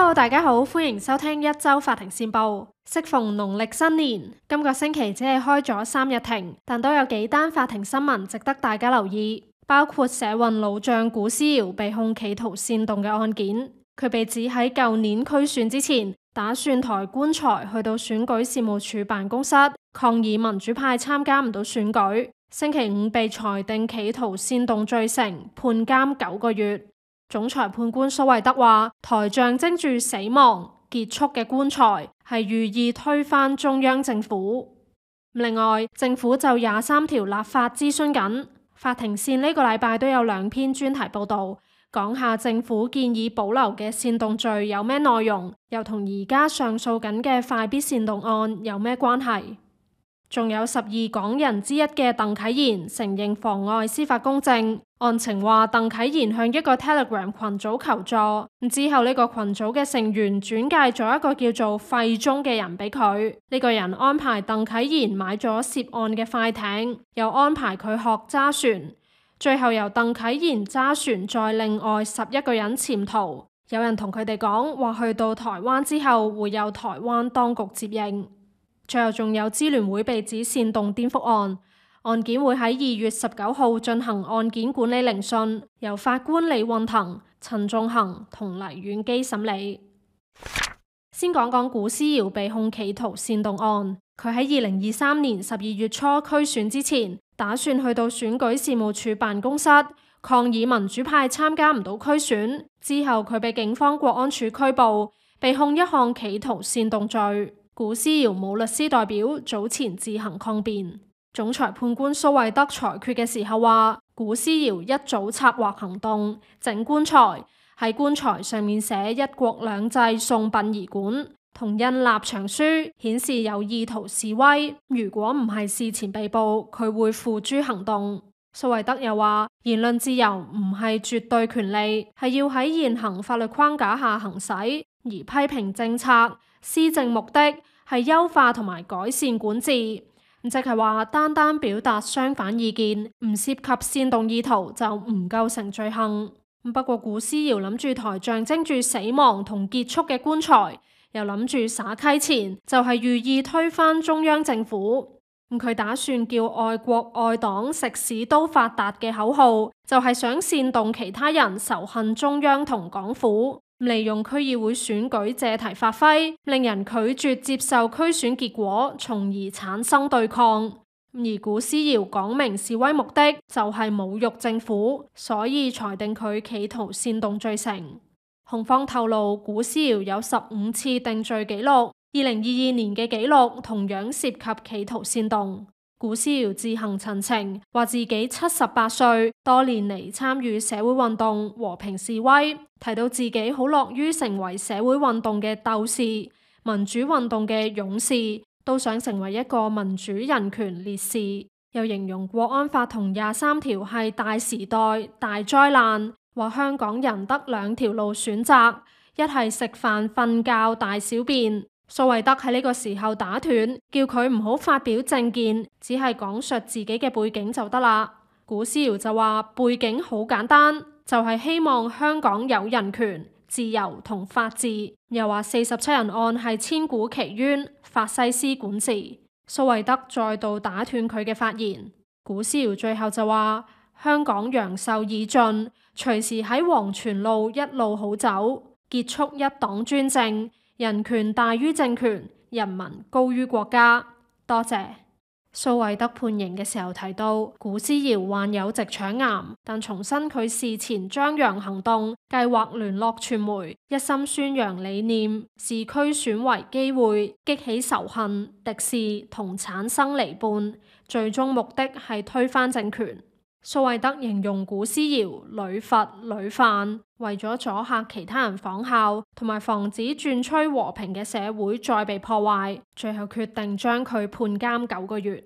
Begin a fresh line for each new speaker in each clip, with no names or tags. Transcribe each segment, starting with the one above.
Hello 大家好，歡迎收聽一周法庭線報。適逢農曆新年，今個星期只係開咗三日庭，但都有幾單法庭新聞值得大家留意，包括社運老將古思堯被控企圖煽動嘅案件，佢被指喺舊年區選之前，打算抬棺材去到選舉事務處辦公室抗議民主派參加唔到選舉，星期五被裁定企圖煽動罪成，判監九個月。總裁判官蘇惠德話：抬象徵住死亡結束嘅棺材，係寓意推翻中央政府。另外，政府就廿三條立法諮詢緊。法庭線呢個禮拜都有兩篇專題報道，講下政府建議保留嘅煽動罪有咩內容，又同而家上訴緊嘅快必煽動案有咩關係。仲有十二港人之一嘅鄧棨然承認妨礙司法公正，案情話，鄧棨然向一個 Telegram 群組求助，之後呢個群組嘅成員轉介咗一個叫做費中嘅人俾佢，呢、這個人安排鄧棨然買咗涉案嘅快艇，又安排佢學揸船，最後由鄧棨然揸船再另外十一個人潛逃，有人同佢哋講話去到台灣之後會有台灣當局接應。最後仲有支聯會被指煽動顛覆案，案件會喺二月十九號進行案件管理聆訊，由法官李運騰、陳仲衡同黎婉姬審理。 先講講古思堯被控企圖煽動案，佢喺二零二三年十二月初區選之前，打算去到選舉事務處辦公室抗議民主派參加唔到區選，之後佢被警方國安處拘捕，被控一項企圖煽動罪。古思堯冇律師代表，早前自行抗辯。總裁判官蘇惠德裁決嘅時候話，古思堯一早策劃行動，整棺材喺棺材上面寫一國兩制送殯儀館，同印立場書顯示有意圖示威。如果唔係事前被捕，佢會付諸行動。蘇惠德又話，言論自由唔係絕對權利，係要喺現行法律框架下行使，而批評政策，施政目的係優化同埋改善管治，咁即係話單單表達相反意見，唔涉及煽動意圖就唔構成罪行。不過古思堯諗住抬象徵住死亡同結束嘅棺材，又諗住撒溪錢，就係、是、寓意推翻中央政府。咁佢打算叫愛國愛黨食屎都發達嘅口號，就係、是、想煽動其他人仇恨中央同港府。利用區議會選舉借題發揮，令人拒絕接受區選結果，從而產生對抗。而古思堯講明示威目的就係侮辱政府，所以裁定佢企圖煽動罪成。控方透露古思堯有十五次定罪記錄，二零二二年嘅記錄同樣涉及企圖煽動。古思堯自行陳情，話自己七十八歲，多年嚟參與社會運動、和平示威，提到自己好樂於成為社會運動嘅鬥士、民主運動嘅勇士，都想成為一個民主人權烈士。又形容國安法同廿三條係大時代、大災難，話香港人得兩條路選擇，一係食飯、瞓覺、大小便。蘇維德喺呢個時候打斷，叫佢唔好發表政見，只係講述自己嘅背景就得啦。古思堯就話背景好簡單，就係希望香港有人權、自由同法治。又話四十七人案係千古奇冤，法西斯管治。蘇維德再度打斷佢嘅發言。古思堯最後就話香港陽壽已盡，隨時喺黃泉路一路好走，結束一黨專政。人權大於政權，人民高於國家。多謝。蘇惠德判刑嘅時候提到，古思堯患有直腸癌，但重申佢事前張揚行動，計劃聯絡傳媒，一心宣揚理念，視區選為機會，激起仇恨敵視，同產生離叛，最終目的係推翻政權。蘇慧德形容古思堯屢罰屢犯，為咗阻吓其他人仿效，同埋防止轉趨和平嘅社會再被破壞，最後決定將佢判監九個月。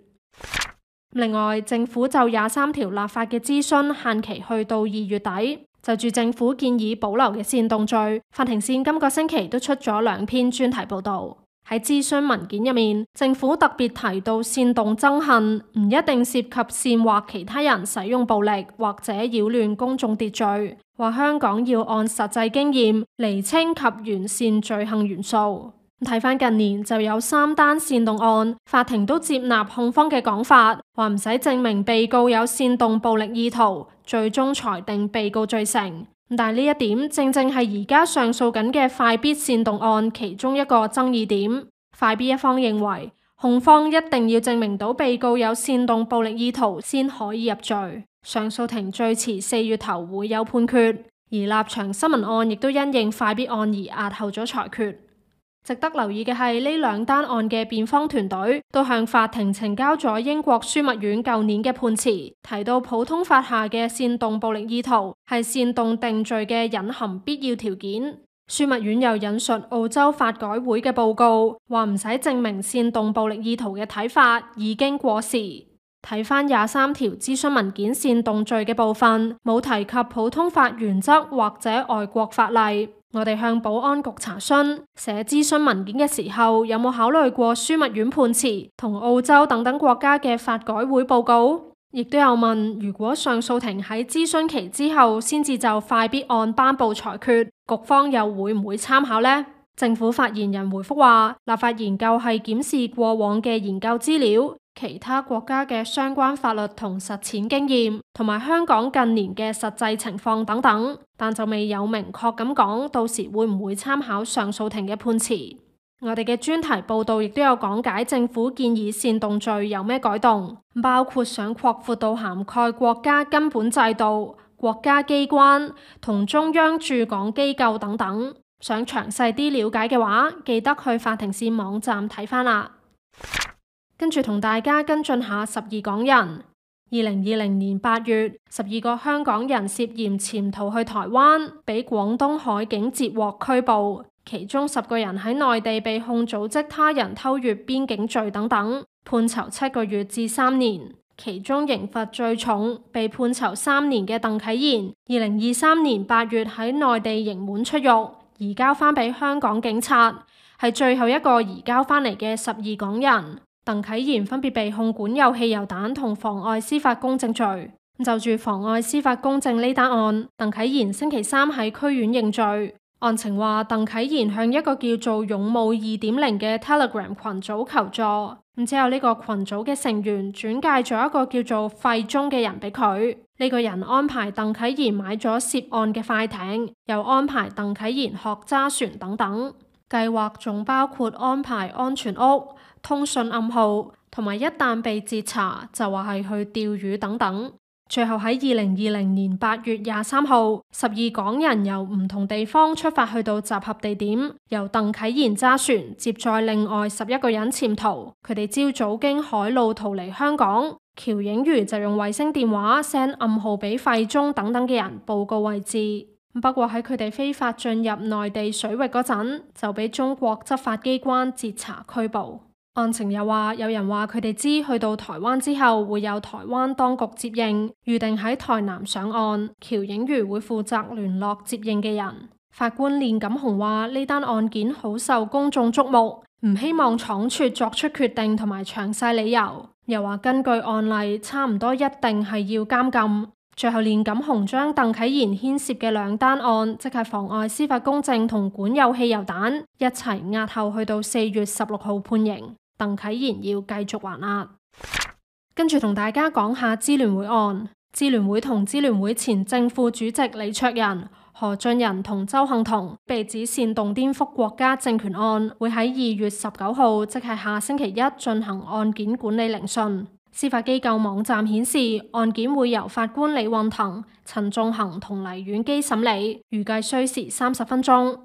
另外，政府就廿三條立法嘅諮詢限期去到二月底。就住政府建議保留嘅煽動罪，法庭線今個星期都出咗兩篇專題報道。喺諮詢文件入面，政府特別提到煽動憎恨唔一定涉及煽惑其他人使用暴力或者擾亂公眾秩序，話香港要按實際經驗釐清及完善罪行元素。睇返近年就有三單煽動案，法庭都接納控方嘅講法，話唔使證明被告有煽動暴力意圖，最終裁定被告罪成。但係呢一點正正係而家上訴緊嘅快必煽動案其中一個爭議點，快必一方認為，控方一定要證明到被告有煽動暴力意圖先可以入罪。上訴庭最遲四月頭會有判決，而立場新聞案亦都因應快必案而押後咗裁決。值得留意嘅係，呢兩單案嘅辯方團隊都向法庭呈交咗英國樞密院舊年嘅判詞，提到普通法下嘅煽動暴力意圖係煽動定罪嘅隱含必要條件。樞密院又引述澳洲法改會嘅報告，話唔使證明煽動暴力意圖嘅睇法已經過時。睇返廿三條諮詢文件煽動罪嘅部分，冇提及普通法原則或者外國法例。我哋向保安局查詢寫諮詢文件嘅時候，有冇考慮過樞密院判詞同澳洲等等國家嘅法改會報告？亦都有問，如果上訴庭喺諮詢期之後先至就快必案頒布裁決，局方又會唔會參考呢？政府發言人回覆話：立法研究係檢視過往嘅研究資料。其他國家嘅相關法律同實踐經驗，同埋香港近年嘅實際情況等等，但就未有明確咁講，到時會唔會參考上訴庭嘅判詞？我哋嘅專題報道亦都有講解政府建議煽動罪有咩改動，包括想擴闊到涵蓋國家根本制度、國家機關同中央駐港機構等等。想詳細啲了解嘅話，記得去法庭線網站睇翻。啦。跟住同大家跟進下十二港人。二零二零年八月，十二個香港人涉嫌潛逃去台灣，俾廣東海警截獲拘捕，其中十個人喺內地被控組織他人偷越邊境罪等等，判囚七個月至三年，其中刑罰最重被判囚三年嘅鄧棨然，二零二三年八月喺內地刑滿出獄，移交翻俾香港警察，係最後一個移交翻嚟嘅十二港人。鄧棨然分別被控管有汽油彈同妨礙司法公正罪。就住妨礙司法公正呢單案，鄧棨然星期三喺區院認罪。案情話，鄧棨然向一個叫做“勇武二點零”嘅 Telegram 群組求助，然之後呢個群組嘅成員轉介咗一個叫做廢中嘅人俾佢。呢、這個人安排鄧棨然買咗涉案嘅快艇，又安排鄧棨然學揸船等等。計劃仲包括安排安全屋。通訊暗號同埋，一旦被截查就話係去釣魚等等。最後喺二零二零年八月廿三號，十二港人由唔同地方出發，去到集合地點，由鄧棨然揸船接載另外十一個人潛逃。佢哋朝早經海路逃離香港，喬影如就用衛星電話 send 暗號俾費中等等嘅人報告位置。不過喺佢哋非法進入內地水域嗰陣，就俾中國執法機關截查拘捕。案情又話，有人話佢哋知去到台灣之後會有台灣當局接應，預定喺台南上岸，喬影如會負責聯絡接應嘅人。法官練錦鴻話呢單案件好受公眾矚目，唔希望倉促作出決定同埋詳細理由。又話根據案例差唔多一定係要監禁。最後練錦鴻將鄧棨然牽涉嘅兩單案，即係妨礙司法公正同管有汽油彈，一齊押後去到四月十六號判刑。鄧棨然要繼續還押，跟住同大家講下支聯會案，支聯會同支聯會前正副主席李卓人、何俊仁同周幸彤被指煽動顛覆國家政權案，會喺二月十九號，即係下星期一進行案件管理聆訊。司法機構網站顯示，案件會由法官李運騰、陳仲衡同黎婉姬審理，預計需時三十分鐘。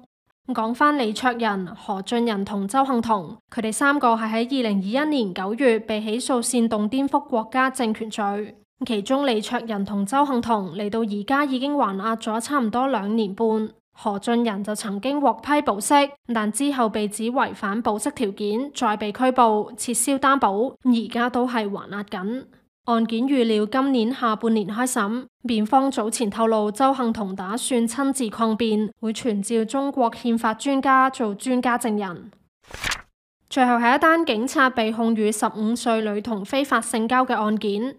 講翻李卓人、何俊仁同周幸彤，佢哋三個係喺二零二一年九月被起訴煽動顛覆國家政權罪。其中李卓人同周幸彤嚟到而家已經還押咗差唔多兩年半，何俊仁就曾經獲批保釋，但之後被指違反保釋條件，再被拘捕撤銷擔保，而家都係還押緊。案件預料今年下半年開審，辯方早前透露鄒幸彤打算親自抗辯，會傳召中國憲法專家做專家證人。最後係一單警察被控與十五歲女童非法性交嘅案件。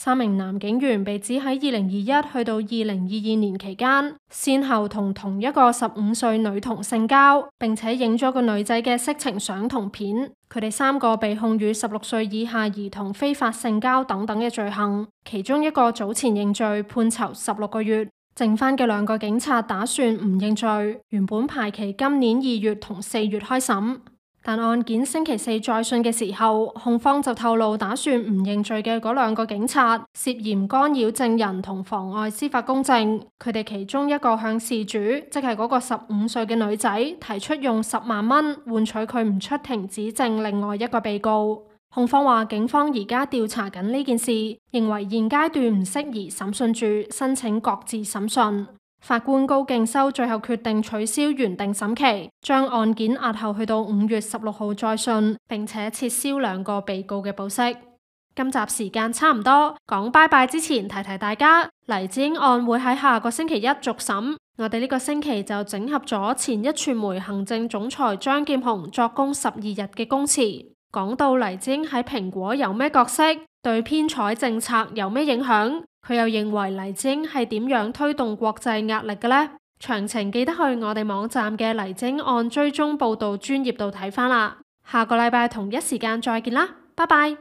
三名男警員被指喺二零二一去到二零二二年期間，先後同同一個十五歲女童性交，並且影咗個女仔嘅色情相同片。佢哋三個被控與十六歲以下兒童非法性交等等嘅罪行。其中一個早前認罪，判囚十六個月。剩翻嘅兩個警察打算唔認罪。原本排期今年二月同四月開審。但案件星期四再訊嘅時候，控方就透露打算唔認罪嘅嗰兩個警察涉嫌干擾證人同妨礙司法公正。佢哋其中一個向事主，即係嗰個十五歲嘅女仔，提出用十萬蚊換取佢唔出庭指證。另外一個被告，控方話警方而家調查緊呢件事，認為現階段唔適宜審訊住，申請擱置審訊。法官高敬修最後決定取消原定審期，將案件押後去到五月十六號再訊，並且撤銷兩個被告嘅保釋。今集時間差唔多，講拜拜之前提提大家，黎智英案會喺下個星期一續審。我哋呢個星期就整合咗前一傳媒行政總裁張劍虹作供十二日嘅供詞。講到黎智英喺蘋果有咩角色，對編採政策有咩影響？佢又認為黎智英係點樣推動國際壓力嘅呢？詳情記得去我哋網站嘅黎智英案追蹤報道專頁度睇返啦。下個禮拜同一時間再見啦，拜拜。